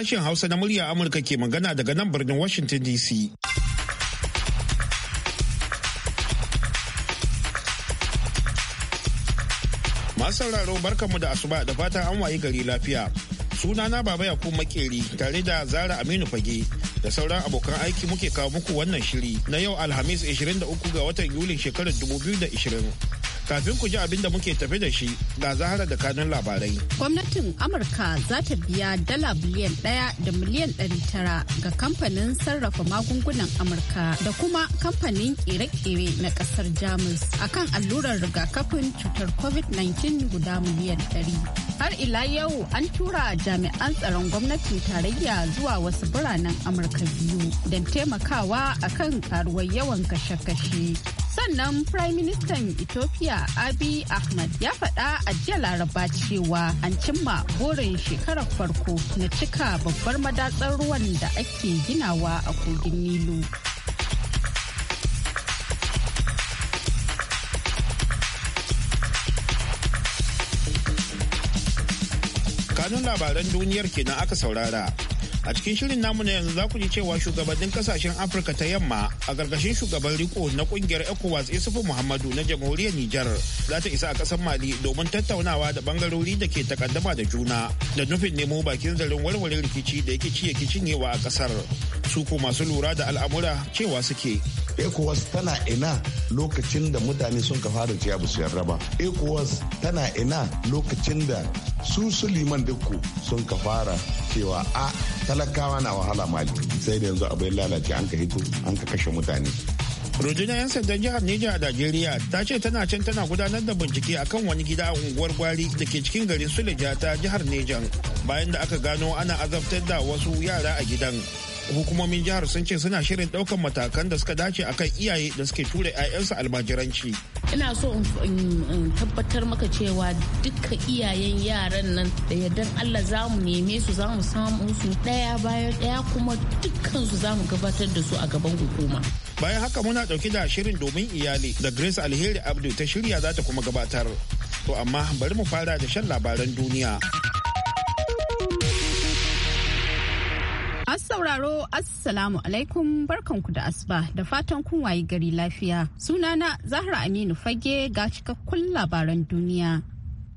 sashen Hausa na murya Amurka ke magana daga nan birnin Washington DC. Masu sauraro barkanmu da asuba da fatan an wayi gari lafiya. Sunana Baba Yakubu Makeri tare da Zara Aminu Fage da sauran abokan aiki muke kawo muku wannan shiri na yau Alhamis 23 ga watan Yulin shekarar 2020. Kafin ku ji abin da muke tafi da shi ga zahara da kanun labarai. Gwamnatin Amurka za ta biya dala biliyan ɗaya da miliyan ɗari tara ga kamfanin sarrafa magungunan Amurka da kuma kamfanin ƙere-ƙere na ƙasar Jamus akan allurar rigakafin cutar COVID-19 guda miliyan ɗari. Har ila yau an tura jami'an tsaron gwamnatin tarayya zuwa wasu biranen Amurka biyu don taimakawa akan karuwar yawan kashe-kashe. sannan prime minister ethiopia abi ahmed ya faɗa a jiya laraba cewa an cimma burin shekarar farko na cika babbar madatsar ruwan da ake ginawa a kogin nilu kanun labaran duniyar kenan aka saurara A cikin shirin namu na yanzu za ku ji cewa shugabannin kasashen Afirka ta yamma a gargashin shugaban riko na kungiyar ECOWAS Isufu Muhammadu na jamhuriyar Nijar za ta isa a kasar Mali domin tattaunawa da bangarori da ke takaddama da juna da nufin nemo bakin zarin warware rikici da yake ciye cinyewa a kasar. Su ko masu lura da al'amura cewa suke. ECOWAS tana ina lokacin da mutane sun ka fara ciya su yarda ba. ECOWAS tana ina lokacin da su Suliman Dukku sun ka fara cewa a talakawa na wahala mali sai da yanzu abu ya lalace an ka hito an ka kashe mutane rundunar 'yan sandan jihar Neja a Najeriya ta ce tana can tana gudanar da bincike akan wani gida a unguwar gwari da ke cikin garin Suleja ta jihar Neja bayan da aka gano ana azabtar da wasu yara a gidan. hukumomin jihar sun ce suna shirin daukan matakan da suka dace akan iyaye da suke tura 'ya'yansu almajiranci ina so in tabbatar maka cewa duka iyayen yaran nan da yardan allah za mu neme su za mu samu su daya bayan daya kuma dukkan su za mu gabatar da su a gaban hukuma bayan haka muna dauke da shirin domin iyali da grace alheri abdu ta shirya za ta kuma gabatar to amma bari mu fara da shan labaran duniya Masu sauraro Assalamu alaikum barkanku da asuba da fatan kun wayi gari lafiya. Sunana Zahra Aminu Fage ga cikakkun labaran duniya.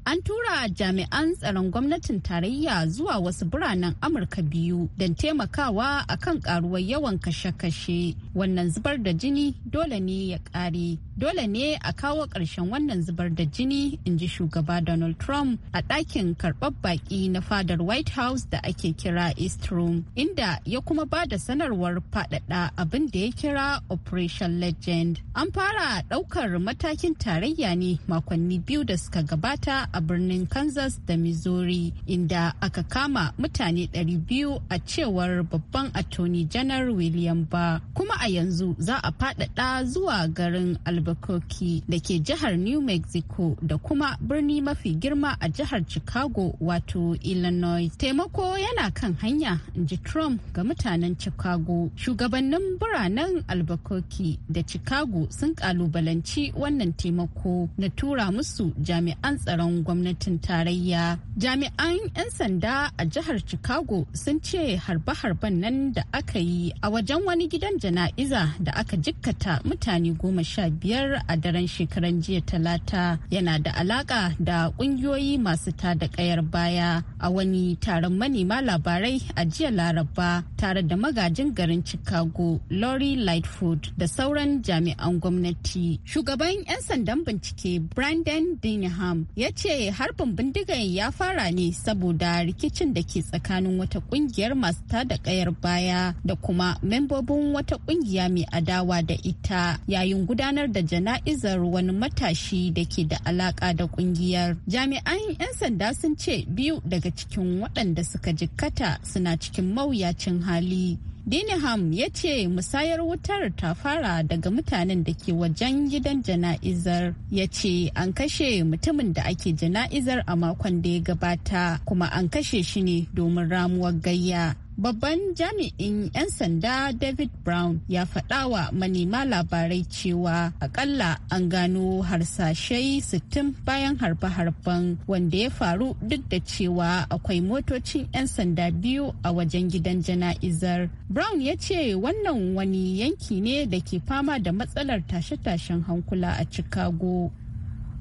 an tura jami'an tsaron gwamnatin tarayya zuwa wasu biranen amurka biyu don taimakawa a kan karuwar yawan kashe-kashe wannan zubar da jini dole ne ya kare dole ne a kawo ƙarshen wannan zubar da jini in ji shugaba donald trump a ɗakin karɓar baƙi na fadar white house da ake kira east room inda ya kuma ba da sanarwar faɗaɗa abin da ya kira operation legend an fara ɗaukar matakin tarayya ne makonni biyu da suka gabata a birnin kansas da missouri inda aka kama mutane 200 a cewar babban attorney janar william ba kuma a yanzu za a fadada zuwa garin albuquerque da ke jihar new mexico da kuma birni mafi girma a jihar chicago wato illinois taimako yana kan hanya ji trump ga mutanen chicago shugabannin biranen albuquerque da chicago sun kalubalanci wannan taimako na tura musu jami'an tsaron gwamnatin tarayya. Jami'an 'yan sanda a jihar Chicago sun ce harbe-harben nan da aka yi a wajen wani gidan jana'iza da aka jikkata mutane goma sha biyar a daren shekaran jiya talata yana da alaka da kungiyoyi masu tada kayar baya a wani taron manema labarai a jiya laraba tare da magajin garin Chicago Lori Lightfoot da sauran jami'an gwamnati. Shugaban 'yan sandan bincike Brandon Dinham ya ce ce harbin bindigan ya fara ne saboda rikicin da ke tsakanin wata kungiyar masu tada kayar baya da kuma membobin wata kungiya mai adawa da ita yayin gudanar da jana'izar wani matashi da ke da alaka da kungiyar. Jami'an 'yan sanda sun ce biyu daga cikin waɗanda suka jikkata suna cikin mawuyacin hali. Diniham ya ce musayar wutar ta fara daga mutanen da ke wajen gidan jana'izar ya ce an kashe mutumin da ake jana'izar a makon da ya gabata kuma an kashe shi ne domin ramuwar gayya Babban jami'in 'yan sanda David Brown ya faɗa wa manema labarai cewa akalla an gano harsashai sittin bayan harbe-harben wanda ya faru duk da cewa akwai motocin 'yan sanda biyu a wajen gidan jana'izar. Brown ya ce wannan wani yanki ne da ke fama da matsalar tashe-tashen hankula a Chicago.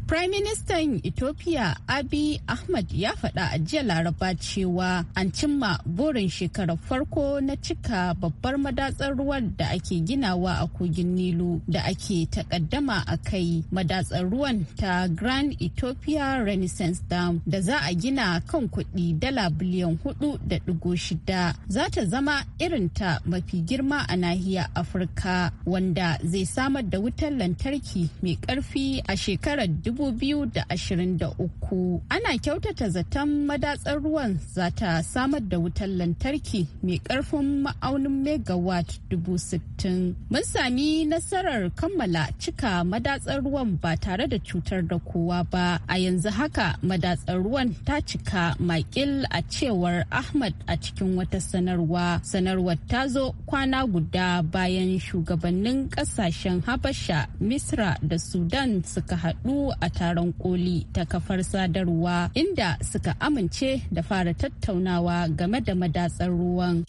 Prime in Ethiopia Abiy Ahmad ya faɗa a jiya Laraba cewa an cimma burin shekarar farko na cika babbar madatsar ruwan da ake ginawa a kogin Nilu da ake takaddama a kai madatsar ruwan ta Grand Ethiopia Renaissance Dam da za a gina kan kuɗi dala biliyan hudu da digo shida za ta zama irinta mafi girma a nahiyar Afirka wanda zai samar da wutar lantarki mai ƙarfi a shekarar 2023 ana kyautata zaton madatsar ruwan za ta samar da wutar lantarki mai karfin ma'aunin megawatt sittin mun sami nasarar kammala cika madatsar ruwan ba tare da cutar da kowa ba a yanzu haka madatsar ruwan ta cika makil a cewar ahmad a cikin wata sanarwa sanarwar ta zo kwana guda bayan shugabannin kasashen habasha misra da sudan suka haɗu a taron koli ta kafar sadarwa inda suka amince da fara tattaunawa game da madatsar ruwan.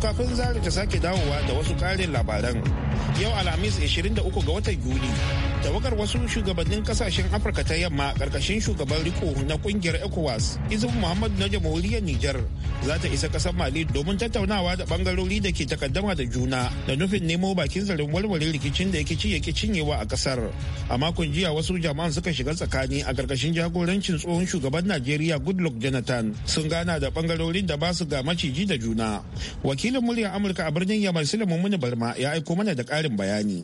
kafin zari ta sake dawowa da wasu ƙarin labaran yau alhamis 23 ga watan yuli tawagar wasu shugabannin kasashen afirka ta yamma karkashin shugaban riko na kungiyar ecowas izin Muhammadu na jamhuriyar Nijar za ta isa kasar mali domin tattaunawa da bangarori da ke takaddama da juna da nufin nemo bakin zarin warware rikicin da yake ciye ke cinyewa a kasar a makon jiya wasu jama'an suka shiga tsakani a karkashin jagorancin tsohon shugaban najeriya goodluck jonathan sun gana da bangarorin da ba su ga maciji da juna wakilin muryar amurka a birnin yamar sulaiman muni barma ya aiko mana da karin bayani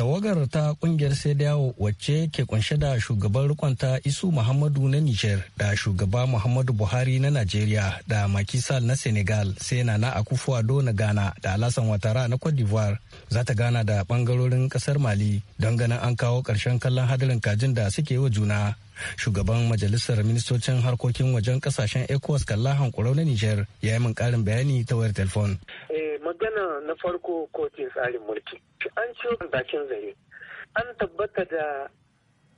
tawagar ta kungiyar sai yawo wacce ke kunshe da shugaban rikonta isu muhammadu na niger da shugaba muhammadu buhari na nigeria da makisal na senegal sai na na ado na ghana da alasan watara na cote d'ivoire za ta gana da bangarorin kasar mali don ganin an kawo karshen kallon hadarin kajin da suke wa juna shugaban majalisar ministocin harkokin wajen kasashen ecowas kalla hankurau na niger ya yi min karin bayani ta wayar telefon wannan na farko kotun tsarin mulki an ciwo bakin zare an tabbata da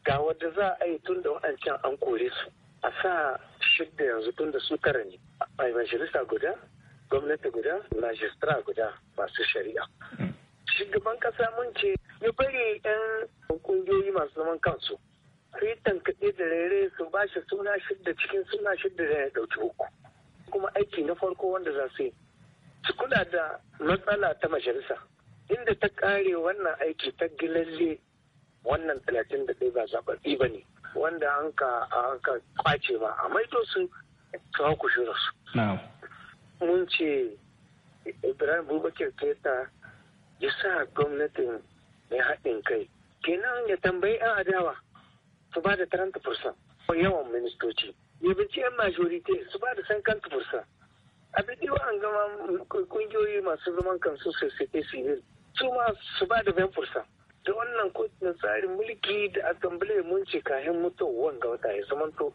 ga wadda za a yi tun da wa'ancan an kore su a sa shidda yanzu tun da su kara ne a majalisa guda gwamnati guda majistra guda masu shari'a shugaban kasa mun ce ya bari yan kungiyoyi masu zaman kansu su yi tankaɗe da rere su ba shi suna shidda cikin suna shidda da ya ɗauki uku kuma aiki na farko wanda za su yi su kula da matsala ta majalisa inda ta kare wannan aiki ta gilalle wannan 31 ba zaɓaɓɓi ba ne wanda an ka kwace ba a maito su kawo ku shura su. Mun ce Ibrahim Bubakar Keta ya sa gwamnatin mai haɗin kai kenan ya tambayi 'yan adawa su ba da 30% yawan ministoci. Ya binci 'yan majority su ba da 50%. a bidi an gama kungiyoyi masu zaman kansu society civil su ma su ba da 20% da wannan kotun tsarin mulki da assembly mun ce kayan mutuwan ga wata ya zamanta.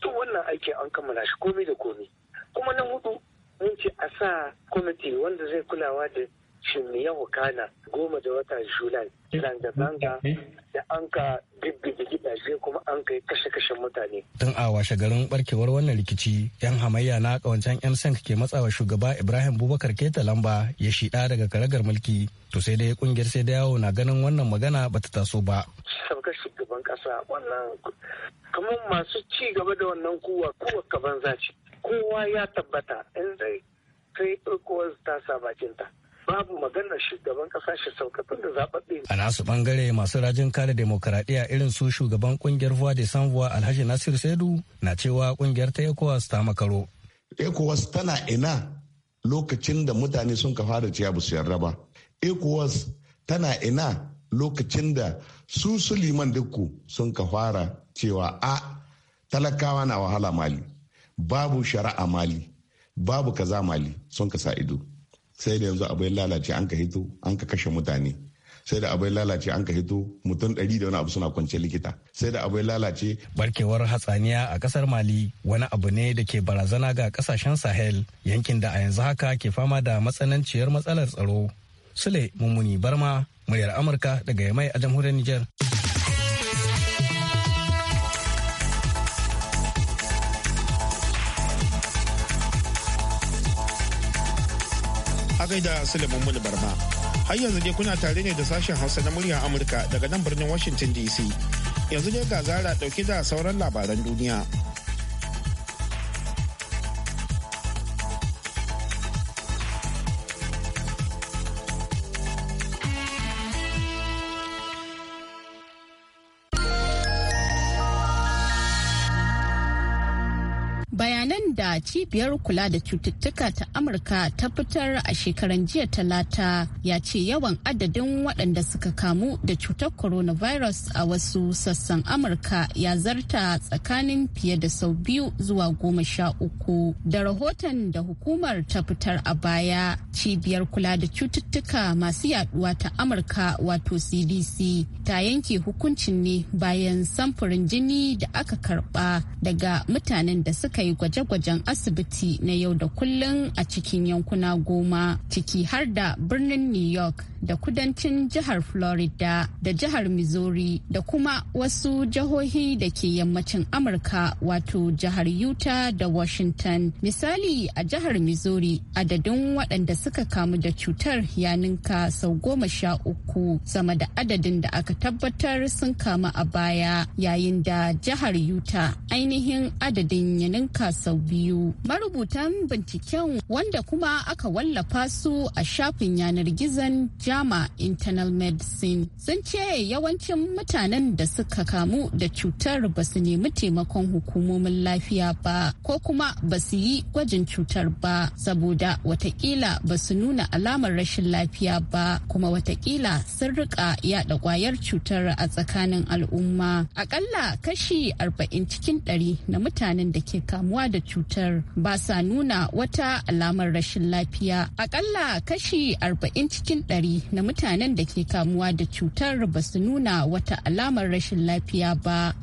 to wannan aiki an kammala shi komai da komai kuma nan hudu mun ce a sa kwamiti wanda zai kulawa da shin me ya wakana goma da wata julai zanga-zanga eh. da an ka gidige gidaje kuma an kai kashe-kashen mutane. Tun a washe garin barkewar wannan rikici, 'yan hamayya na kawancan 'yan sank ke matsawa shugaba Ibrahim Bubakar Keta lamba ya shida daga karagar mulki. To sai dai kungiyar sai da yawo na ganin wannan magana bata taso ba. Sabgar shugaban kasa wannan kamar masu ci gaba da wannan kuwa kuwa kaban zaci. Kowa ya tabbata in zai sai ɗauko ta sa bakinta. babu maganar shugaban kasa shi saukatar da zaɓaɓɓe. A nasu ɓangare masu rajin kare demokaradiyya irin su shugaban kungiyar Voix de Alhaji Nasir Saidu na cewa kungiyar ta ECOWAS ta makaro. ECOWAS tana ina lokacin da mutane sun ka fara ciya ba su yarda ba. ECOWAS tana ina lokacin da su Suliman Dukku sun ka fara cewa a talakawa na wahala mali babu shari'a mali babu kaza mali sun ka sa ido. sai da yanzu abu ya lalace an ka hito an ka kashe mutane sai da abu ya lalace an ka hito mutum ɗari da wani abu suna kwance likita sai da abu ya lalace barkewar hatsaniya a kasar mali wani abu ne da ke barazana ga kasashen sahel yankin da a yanzu haka ke fama da matsananciyar matsalar tsaro sule mummuni barma muryar amurka daga yamai a jamhuriyar niger gaida Suleiman Mulu Barba. Har yanzu dai kuna tare ne da sashen Hausa na muryar Amurka daga nan birnin Washington DC. Yanzu dai ga zara dauke da sauran labaran duniya. cibiyar kula da cututtuka ta amurka ta fitar a shekaran jiya talata ya ce yawan adadin waɗanda suka kamu da cutar coronavirus a wasu sassan amurka ya zarta tsakanin fiye da sau biyu zuwa goma sha uku da rahoton da hukumar ta fitar a baya cibiyar kula da cututtuka masu yaduwa ta amurka wato cdc ta yanke hukuncin ne bayan samfurin jini da aka karba daga mutanen da suka yi gwaje-gwajen asibiti asibiti na yau da kullun a cikin yankuna goma ciki har da birnin New York da kudancin jihar Florida da jihar Missouri da kuma wasu jihohi da ke yammacin Amurka wato jihar Utah da Washington. Misali a jihar Missouri adadin waɗanda suka kamu da cutar ya ninka sau goma sha uku sama da adadin da aka tabbatar sun kamu a baya yayin da jihar Utah ainihin adadin ya ninka sau biyu. Marubutan binciken wanda kuma aka wallafa su a shafin yanar gizon JAMA Internal Medicine sun ce yawancin mutanen da suka kamu da cutar ba su nemi taimakon hukumomin lafiya ba ko kuma ba su yi gwajin cutar ba saboda watakila ba su nuna alamar rashin lafiya ba kuma watakila sun rika yada kwayar cutar a tsakanin al'umma. aƙalla kashi 40 cikin 100 na mutanen da ke kamuwa da cutar ba sa nuna wata alamar rashin lafiya akalla kashi 40 cikin 100 na mutanen da ke kamuwa da cutar ba su nuna wata alamar rashin lafiya ba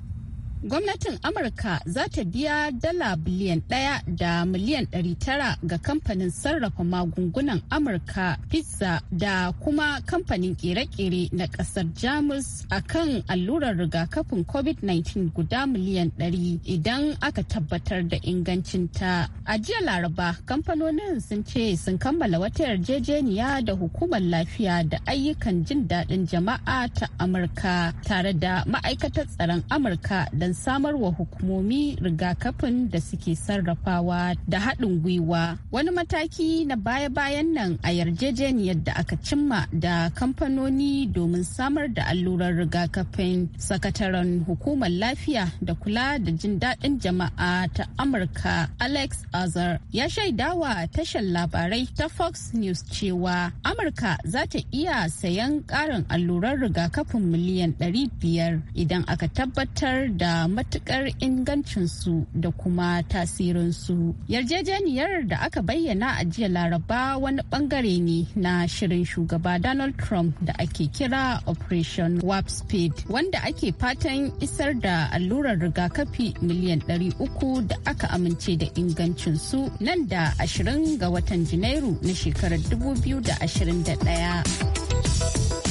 gwamnatin amurka za ta biya dala biliyan daya da miliyan dari tara ga kamfanin sarrafa magungunan amurka pizza da kuma kamfanin kere-kere na kasar jamus a kan allurar rigakafin covid-19 guda miliyan dari idan aka tabbatar da ingancinta a jiya laraba kamfanonin sun ce sun kammala wata yarjejeniya da hukumar lafiya da ayyukan jin daɗin jama'a ta amurka tare da ma'aikatar tsaron amurka don Samar wa hukumomi rigakafin da suke sarrafawa da haɗin gwiwa wani mataki na baya-bayan nan a yarjejeniyar da aka cimma da kamfanoni domin samar da allurar rigakafin sakataren hukumar lafiya da kula da jin daɗin jama'a ta amurka alex azar ya shaidawa tashar labarai ta fox news cewa amurka za ta iya sayan ƙarin allurar rigakafin miliyan 500 idan aka tabbatar da matukar ingancinsu da kuma tasirinsu. Yarjejeniyar da aka bayyana a jiya Laraba wani bangare ne na shirin shugaba Donald Trump da ake kira Operation Warp Speed wanda ake fatan isar da allurar rigakafi miliyan 300 da aka amince da ingancinsu nan da 20 ga watan Janairu na shekarar 2021.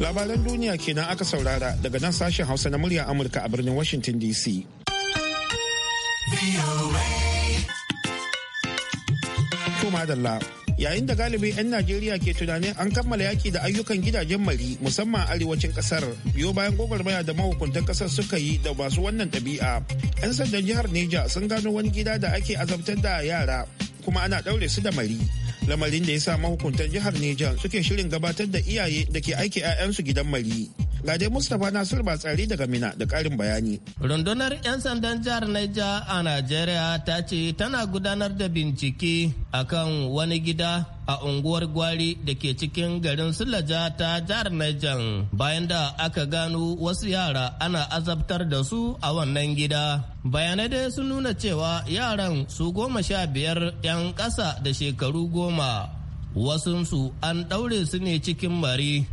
labaran duniya kenan aka saurara daga nan sashen hausa na murya amurka a birnin washington dc madalla yayin da galibi 'yan najeriya ke tunanin an kammala yaki da ayyukan gidajen mari musamman arewacin kasar biyo bayan gwagwarmaya da mahukuntan kasar suka yi da masu wannan ɗabi'a 'yan sandan jihar neja sun gano wani gida da ake azabtar da yara kuma ana ɗaure su da mari lamarin da ya sa mahukuntan jihar Nijar suke shirin gabatar da iyaye da ke aiki 'ya'yansu gidan mari Ga dai Mustapha Nasir Batsari daga Mina da ƙarin bayani. Rundunar 'yan sandan jihar Naija a Najeriya ta ce tana gudanar da bincike akan wani gida a unguwar gwari da ke cikin garin sulaja ta jihar Niger bayan da aka gano wasu yara ana azabtar da su a wannan gida. Bayanai dai sun nuna cewa yaran su goma sha biyar 'yan ƙasa da shekaru goma, wasunsu an ɗaure su ne cikin mari.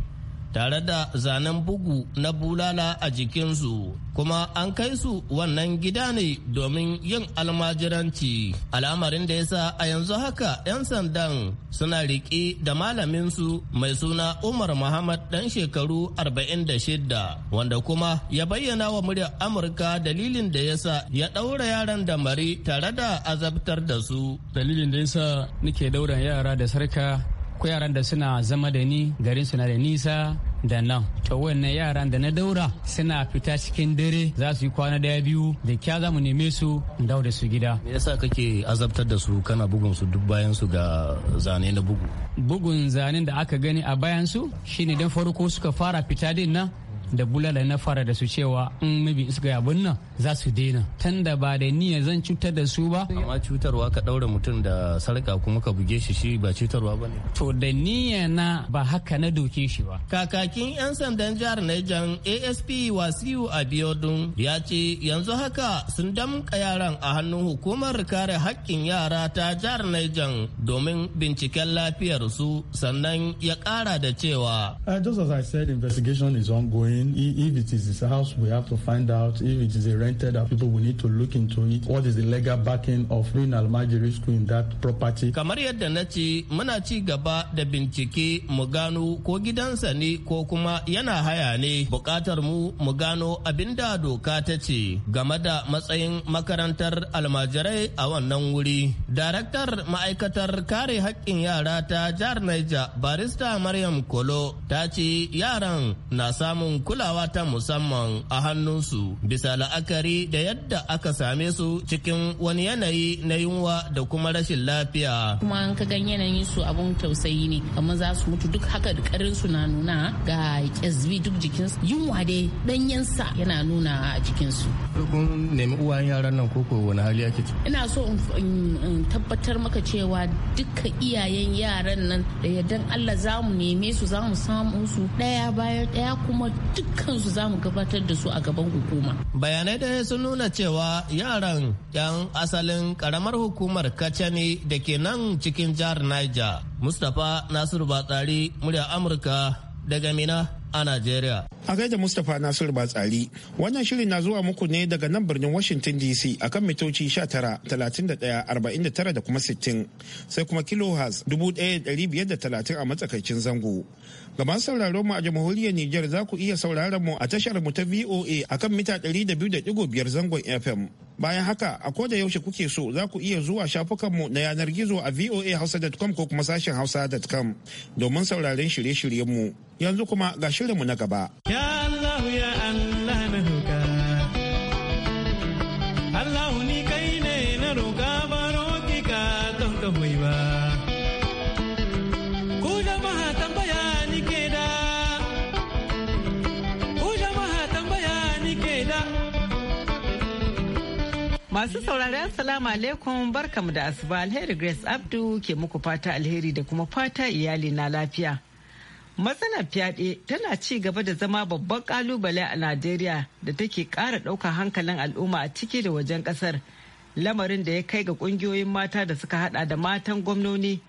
tare da zanen bugu na bulala a jikinsu kuma an kai su wannan gida ne domin yin almajiranci al'amarin da ya sa a yanzu haka 'yan sandan suna riƙe da malaminsu mai suna umar muhammad dan shekaru 46 wanda kuma ya bayyana wa muryar amurka dalilin da ya sa ya ɗaura yaran da mari tare da azabtar da su dalilin da ya sa nake daura yara da sarka ko yaran da suna zama da ni garin suna da nisa da nan to wannan yaran da na daura suna fita cikin dare za su yi kwana daya biyu da kya za mu neme su dawo da su gida me yasa kake azabtar da su kana bugun su duk bayan su ga zane na bugu bugun zanen da aka gani a bayan su shine dan farko suka fara fita din nan da bulala na fara da su cewa in mabi iska ya nan za su daina tun da ba da niyya zan cutar da su ba amma cutarwa ka daura mutum da sarka kuma ka buge shi shi ba cutarwa ba ne to da niyya na ba haka na doke shi ba kakakin yan sandan jihar Niger ASP Wasiu Abiodun ya ce yanzu haka sun damka yaran a hannun hukumar kare haƙƙin yara ta jihar Niger domin binciken lafiyarsu sannan ya ƙara da cewa uh, just as i said investigation is ongoing in. If it is his house, we have to find out. If it is a rented people, we need to look into it. What is the legal backing of School in that property? Kamar yadda na ce, muna ci gaba da bincike mu gano ko gidansa ne ko kuma yana haya ne. Bukatar mu mu gano abin da doka ta ce game da matsayin makarantar almajirai a wannan wuri. Daraktar ma'aikatar kare haƙƙin yara ta jihar Niger, barista Maryam Kolo ta ce yaran na samun kulawa ta musamman a hannunsu bisa la'akari da yadda aka same su cikin wani yanayi na yunwa da kuma rashin lafiya. Kuma an ka gan yanayin su abun tausayi ne kamar za su mutu duk haka da karin su na nuna ga kyazbi duk jikinsu yunwa dai sa yana nuna a jikinsu. Kun nemi uwayen yaran nan koko wani hali ake ciki? Ina so in tabbatar maka cewa duka iyayen yaran nan da yardan Allah za mu neme su za mu samu su ɗaya bayan ɗaya kuma dukkansu za mu gabatar da su a gaban hukuma. Bayanai dai sun nuna cewa yaran 'yan asalin karamar hukumar Kacani da ke nan cikin jihar Niger. Mustapha Nasiru Batsari, murya Amurka daga Mina. a Najeriya. A gaida Mustapha Nasiru Batsari, wannan shirin na zuwa muku ne daga nan birnin Washington DC akan mitoci 19,31,49 da kuma 60 sai kuma kilohertz 1,530 a matsakaicin zango. gaban sauraron mu a jamhuriyar Nijar za ku iya sauraron mu a tashar mu ta VOA akan mita 200.5 zangon FM. Bayan haka a koda yaushe kuke so za ku iya zuwa shafukan mu na yanar gizo a voa voahausa.com ko kuma sashen hausa.com domin sauraron shirye-shiryen mu. Yanzu kuma ga shirinmu na gaba. Masu saurari Assalamu alaikum barkamu da asuba alheri Grace Abdu ke muku fata alheri da kuma fata iyali na lafiya. Matsalar fyaɗe tana ci gaba da zama babban kalubale a Najeriya da take ƙara ɗaukar hankalin al'umma a ciki da wajen ƙasar. Lamarin da ya kai ga ƙungiyoyin mata da suka haɗa da matan gwamnoni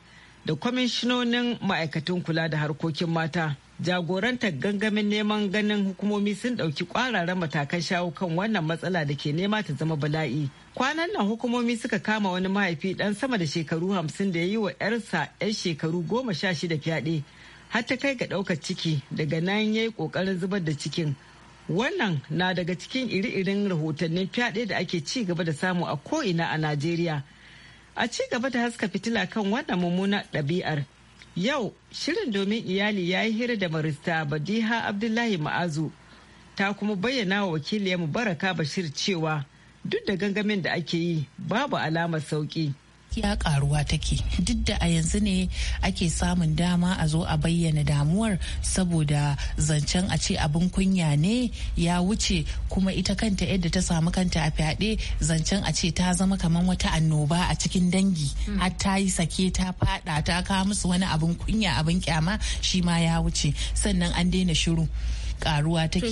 da kwamishinonin ma'aikatan kula da harkokin mata jagorantar gangamin neman ganin hukumomi sun ɗauki kwararen matakan shawo kan wannan matsala da ke nema ta zama bala'i kwanan nan hukumomi suka kama wani mahaifi ɗan sama da shekaru hamsin da ya yi wa 'yarsa 'yan shekaru goma sha shida fyaɗe har ta kai ga ɗaukar ciki daga nan ya yi ƙoƙarin zubar da cikin wannan na daga cikin iri-irin rahotannin fyaɗe da ake ci gaba da samu a ko'ina a najeriya A ci gaba da haska fitila kan wannan mummunar ɗabi'ar. Yau, shirin domin iyali ya yi hira da marista Badiha Abdullahi Ma'azu ta kuma bayyana wa wakiliyar Baraka Bashir cewa duk da gangamin da ake yi babu alamar sauƙi. gaskiya karuwa take duk da a yanzu ne ake samun dama a zo a bayyana damuwar saboda zancen a ce abin kunya ne ya wuce kuma ita kanta yadda ta samu kanta a fyaɗe zancen a ce ta zama kamar wata annoba a cikin dangi hmm. har ta yi sake ta fada ta kawo musu wani abin kunya abin kyama shi ma ya wuce sannan an daina shiru karuwa take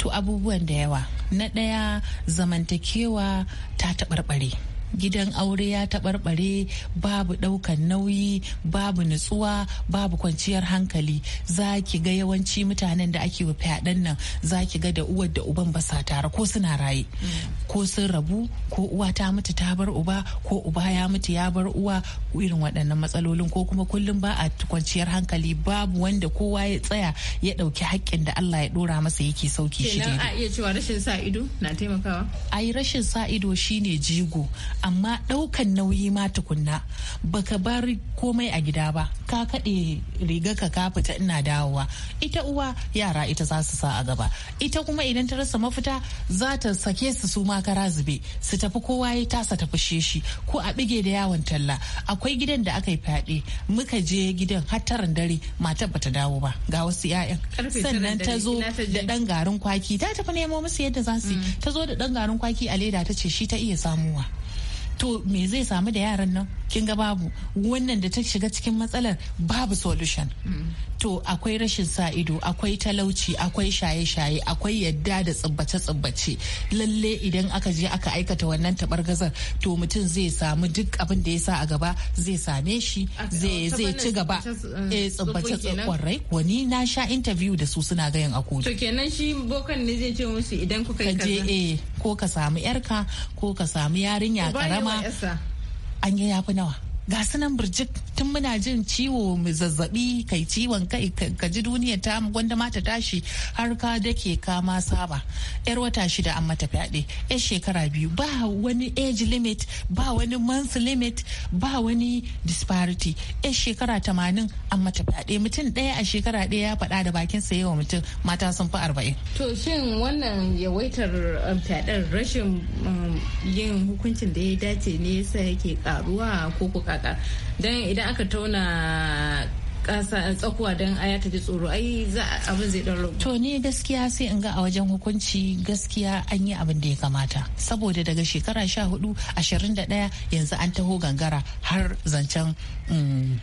to abubuwan da yawa na ɗaya zamantakewa ta taɓarɓare gidan aure ya taɓarɓare babu ɗaukan nauyi babu nutsuwa babu kwanciyar hankali za ki ga yawanci mutanen da ake wa fyaɗen nan za ki ga da uwar da uban ba sa tare ko suna raye ko sun rabu ko uwa ta mutu ta bar uba ko uba ya mutu ya bar uwa irin waɗannan matsalolin ko kuma kullum ba a kwanciyar hankali babu wanda kowa ya tsaya ya ɗauki haƙƙin da Allah ya ɗora masa yake sauki shi a iya cewa rashin sa ido na taimakawa ai rashin sa ido shine jigo amma ɗaukan nauyi ma tukunna baka bar komai a gida ba ka kaɗe riga ka ka fita ina dawowa ita uwa yara ita za su sa a gaba ita kuma idan ta rasa mafita za ta sake su su ma kara zube su tafi kowa ya tasa tafi shi ko a bige da yawon talla akwai gidan da aka yi fyaɗe muka je gidan har taran dare matar ta dawo ba ga wasu 'ya'yan sannan ta zo da ɗan garin kwaki ta tafi nemo musu yadda za su yi mm. ta zo da ɗan garin kwaki a leda ta ce shi ta iya samuwa to me zai samu da yaran nan kin ga babu wannan da ta shiga cikin matsalar babu solution to akwai rashin sa ido akwai talauci akwai shaye-shaye akwai yadda da tsibace tsibbace lalle idan aka je aka aikata wannan taɓar-gazar. to mutum zai samu duk abin da ya sa a gaba zai same shi zai ci gaba tsibbace eh, eh, kwarai wani na sha interview da su suna gayan a kotu to kenan shi bokan ne zai ce musu idan kuka yi kaza eh, ko ka samu yarka ko ka samu yarinya karama kuma an yi yafi nawa ga sunan birjik tun muna jin ciwo mai zazzabi kai ciwon kai ka ji duniya ta gwanda ma ta tashi har ka dake ka ma saba yar wata shida an mata fyaɗe yar shekara biyu ba wani age limit ba wani month limit ba wani disparity yar shekara tamanin an mata fyaɗe mutum ɗaya a shekara ɗaya ya faɗa da bakin sa yawa mutum mata sun fi arba'in. to shin wannan yawaitar um, fyaɗen rashin um, yin hukuncin da ya dace ne yasa yake karuwa ko kuka sassaka don idan aka tauna kasa tsakuwa don aya ta ji tsoro ai za abin zai ɗan rubu to ni gaskiya sai in ga a wajen hukunci gaskiya an yi abin da ya kamata saboda daga shekara sha hudu ashirin da daya yanzu an taho gangara har zancen mm,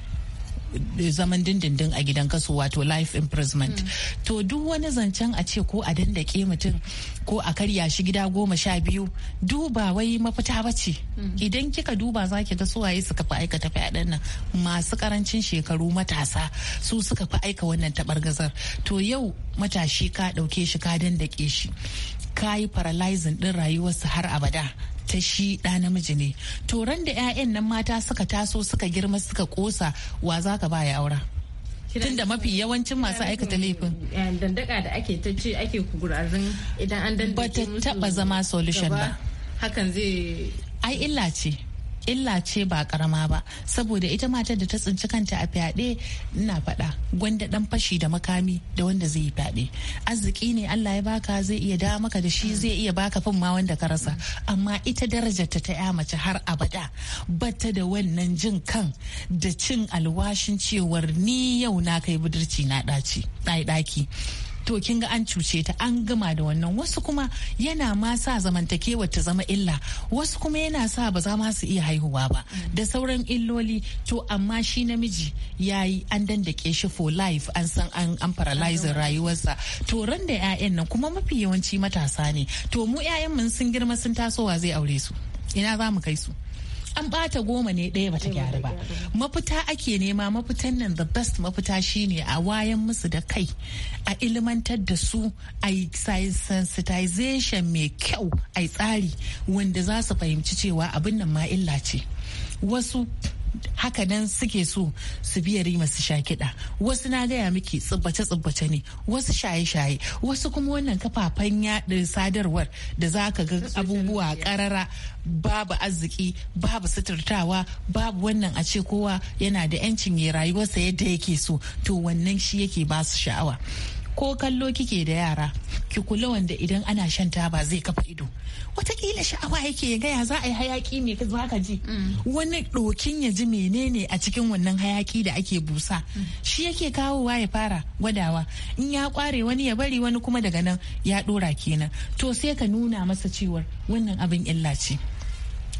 zaman dindindin a gidan kaso wato life imprisonment mm. to duk wani zancen a ce ko a dandake mutum ko a karya shi gida goma sha biyu duba wai mafita ba ce mm. idan kika duba za ki ga suwaye suka fi aikata fyaɗen nan masu karancin shekaru matasa su suka fi aika wannan taɓargazar to yau matashi ka ɗauke shi ka dandake shi ka yi paralyzing ɗin rayuwarsa har abada ta shi ɗa namiji ne to ran da 'ya'yan nan mata suka taso suka girma suka kosa wa za ka ba ya aura tunda mafi yawancin masu aikata laifin dandaka da ake ta ce ake kugurarin idan an dandake ba ta taba zama solution ba hakan zai ai illa ce illa ce ba karama ba saboda ita matar da ta tsinci kanta a fyaɗe ina faɗa gwanda ɗan fashi da makami da wanda zai yi fyaɗe arziki ne Allah ya baka zai iya da maka da shi zai iya baka fin ma wanda ka rasa amma ita daraja ta ya mace har abada bata da wannan jin kan da cin alwashin cewar ni yau na kai budurci na ɗaki to kin ga an cuce ta an gama da wannan wasu kuma yana ma sa zamantakewa ta zama illa wasu kuma yana sa ba za ma su iya haihuwa ba da sauran illoli to amma shi namiji yayi an dandake shi for life an san an an paralyzer rayuwarsa to ran da 'ya'yan nan kuma mafi yawanci matasa ne to mu 'ya'yan mun sun girma sun tasowa zai aure su ina za mu kai su an bata goma ne ɗaya bata gyara ba mafita ake nema mafitan nan the best mafita shine a wayan musu da kai a ilimantar da su a yi sensitization mai kyau a tsari wanda za su fahimci cewa abin nan ma illa ce wasu haka nan suke so su biya rima su sha kiɗa wasu na gaya miki tsibbace tsibbace ne wasu shaye shaye wasu kuma wannan kafafen yaɗin sadarwar da za ka ga abubuwa ƙarara babu arziki babu suturtawa babu wannan a ce kowa yana da 'yancin ya rayuwarsa yadda yake so to wannan shi yake ba su sha'awa ko kallo kike da yara ki kula wanda idan ana shan taba zai kafa ido watakila sha'awa yake ga ya za a yi hayaki ne za ka ji mm. wani dokin ya ji menene a cikin wannan hayaki da ake busa mm. shi yake kawowa ya fara gwadawa in ya kware wani ya bari wani kuma daga nan ya dora kenan to sai ka nuna masa cewar wannan abin illa ce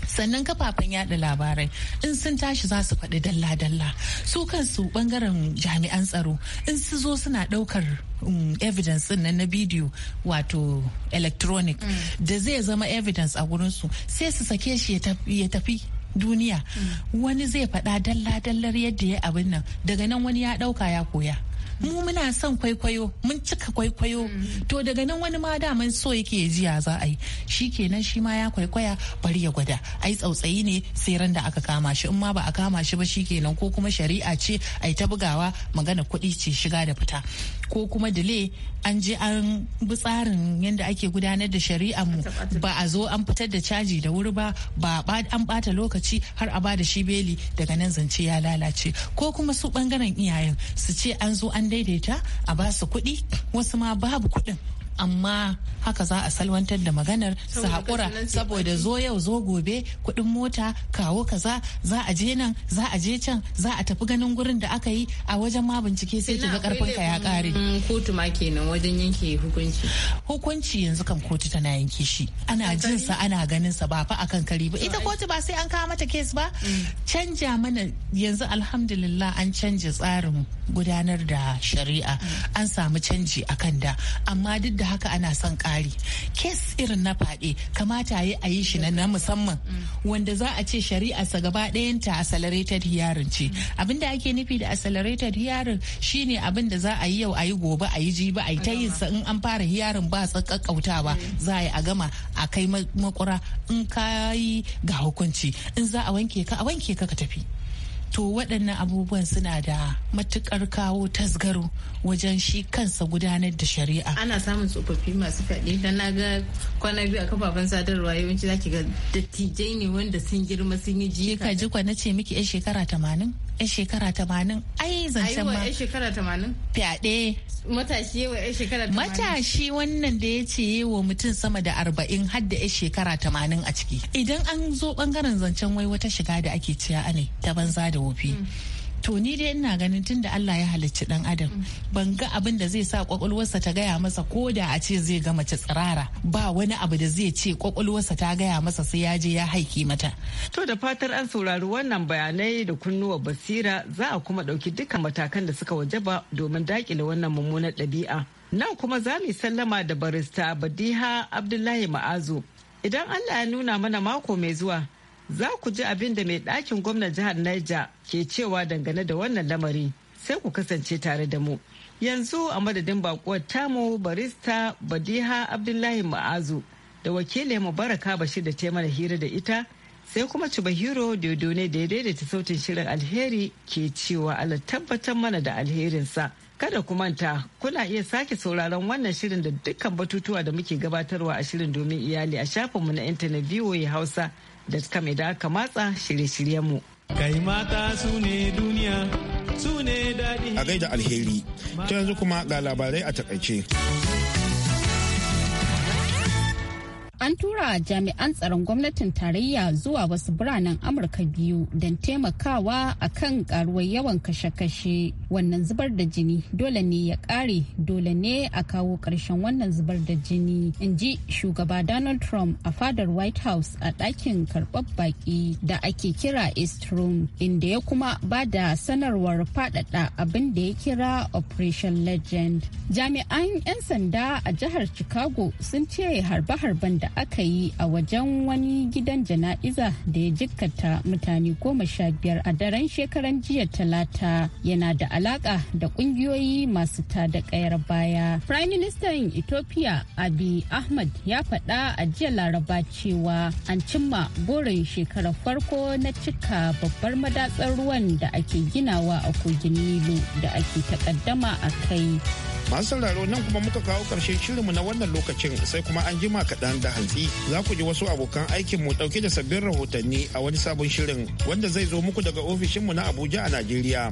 sannan kafafen yada labarai in sun tashi za su faɗi dalla-dalla su kansu bangaren jami'an tsaro in su zo suna ɗaukar um, evidence nan na bidiyo wato electronic mm. da zai zama evidence a gurinsu sai su sake shi ya tafi duniya mm. wani zai faɗa dalla-dallar yadda ya abin nan daga nan wani ya ɗauka ya koya mu muna son kwaikwayo mun cika kwaikwayo to daga nan wani ma daman so yake ji ya za a yi shi kenan shi ma ya kwaikwaya bari ya gwada ai tsautsayi ne sai ran da aka kama shi in ma ba a kama shi ba shi kenan ko kuma shari'a ce ai ta bugawa magana kuɗi ce shiga da fita ko kuma dile an je an bi tsarin yadda ake gudanar da shari'ar mu ba a zo an fitar da caji da wuri ba ba an bata lokaci har a ba da shi beli daga nan zance ya lalace ko kuma su bangaren iyayen su ce an zo an an daidaita a basu kuɗi wasu ma babu kuɗin amma haka za a salwantar da maganar su haƙura saboda zo yau zo gobe kuɗin mota kawo kaza za a je nan za a je can za a tafi ganin gurin da aka yi a wajen ma bincike sai ki ga karfin ka ya ƙare. kotu ma kenan wajen yanke hukunci. hukunci yanzu kan kotu tana yanke shi ana jin sa ana ganin sa ba fa akan kari ba ita kotu ba sai an kawo mata kes ba mm. canja mana yanzu alhamdulillah an canja tsarin gudanar da shari'a mm. an samu canji akan da amma duk da haka ana son ƙari kes irin na faɗe kamata yi a yi shi na musamman wanda za a ce shari'arsa gaba ɗayanta accelerated hearing ce abin da ake nufi da accelerated hearing shine abin da za a yi yau a yi gobe a yi jibi a yi ta yin in an fara hearing ba kakkautawa za a yi a gama a kai makura in ka yi ga hukunci in za a wanke ka a wanke ka ka tafi to waɗannan abubuwan suna da matukar kawo tasgaro wajen shi kansa gudanar da shari'a ana samun tsofaffi masu fyaɗe dan na ga kwana biyu a kafafen sadarwa yawanci za ki ga dattijai ne wanda sun girma sun yi jika jika na ce miki yan shekara tamanin yan shekara tamanin ai zancen ma tamanin fyaɗe matashi wannan da ya ce yi wa mutum sama da arba'in har da shekara tamanin a ciki idan an zo bangaren zancen wai wata shiga da ake ciya ne ta banza da wofi mm. to ni dai ina ganin tun da Allah ya halicci dan adam mm. ban ga abin da zai sa kwakwalwarsa ta gaya masa ko da a ce zai ga mace tsirara ba wani abu da zai ce kwakwalwarsa ta gaya masa sai ya je ya haiki mata to da fatar an saurari wannan bayanai da kunnuwa basira za a kuma dauki dukkan matakan da suka waje ba domin dakile wannan mummunar ɗabi'a nan kuma za mu sallama da barista badiha abdullahi ma'azu idan Allah ya nuna mana mako mai zuwa Za ku ji abin da mai ɗakin gwamnan jihar Niger ke cewa dangane da wannan lamari sai ku kasance tare da mu. Yanzu a madadin bakuwar tamu barista Badiha Abdullahi Ma'azu da wakili Mubaraka Bashir da ta mana hira da ita sai kuma Cibahiro Dodo ne da ya daidaita sautin shirin alheri ke cewa Allah tabbatar mana da alherinsa. Kada ku manta kuna iya sake sauraron wannan shirin da dukkan batutuwa da muke gabatarwa a shirin domin iyali a shafinmu na intanet voa hausa da mai da aka matsa shirye-shiryenmu. Kai mata su ne duniya, su ne daɗi. A gaida alheri, ta yanzu kuma ga labarai a takaice. an tura jami'an tsaron gwamnatin tarayya zuwa wasu biranen amurka biyu don taimakawa a kan karuwar yawan kashe-kashe wannan zubar da jini dole ne ya kare dole ne a kawo karshen wannan zubar da jini in ji shugaba donald trump a fadar white house a ɗakin karɓar baƙi da ake kira east room inda ya kuma ba da sanarwar faɗaɗa abin da ya kira operation legend jami'an 'yan sanda a jihar chicago sun ce harbe-harben da da aka yi a wajen wani gidan jana'iza da ya jikkata mutane goma sha biyar a daren shekaran jiya talata yana da alaka da kungiyoyi masu tada kayar baya. Prime Minister Ethiopia abi Ahmed ya faɗa a jiya laraba cewa an cimma burin shekarar farko na cika babbar madatsar ruwan da ake ginawa a kogin Nilu da ake takaddama a kai. Masu sauraro nan kuma muka kawo ƙarshen shirinmu na wannan lokacin sai kuma an jima kaɗan da hantsi za ku ji wasu abokan aikin mu dauke da sabbin rahotanni a wani sabon shirin wanda zai zo muku daga ofishinmu na Abuja a Najeriya.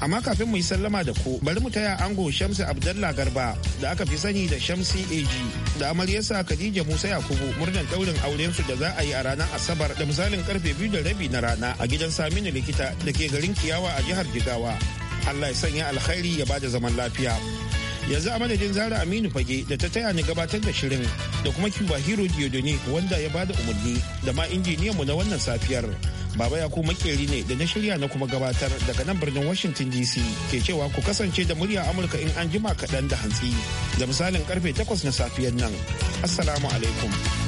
Amma kafin mu yi sallama da ku bari mu taya ango Shamsi Abdallah Garba da aka fi sani da Shamsi AG da amaryarsa Khadija Musa Yakubu murnar daurin auren su da za a yi a ranar Asabar da misalin karfe biyu da rabi na rana a gidan Saminu Likita da ke garin Kiyawa a jihar Jigawa. Allah ya sanya alkhairi ya bada zaman lafiya. yanzu a madadin zara aminu fage da ta taya ni gabatar da shirin da kuma cuba hero diodone wanda ya bada umarni da ma injiniyanmu na wannan safiyar baba ya makeri ne da na shirya na kuma gabatar daga nan birnin washington dc ke cewa ku kasance da murya amurka in an jima kaɗan da hantsi da misalin karfe 8 na safiyar nan assalamu alaikum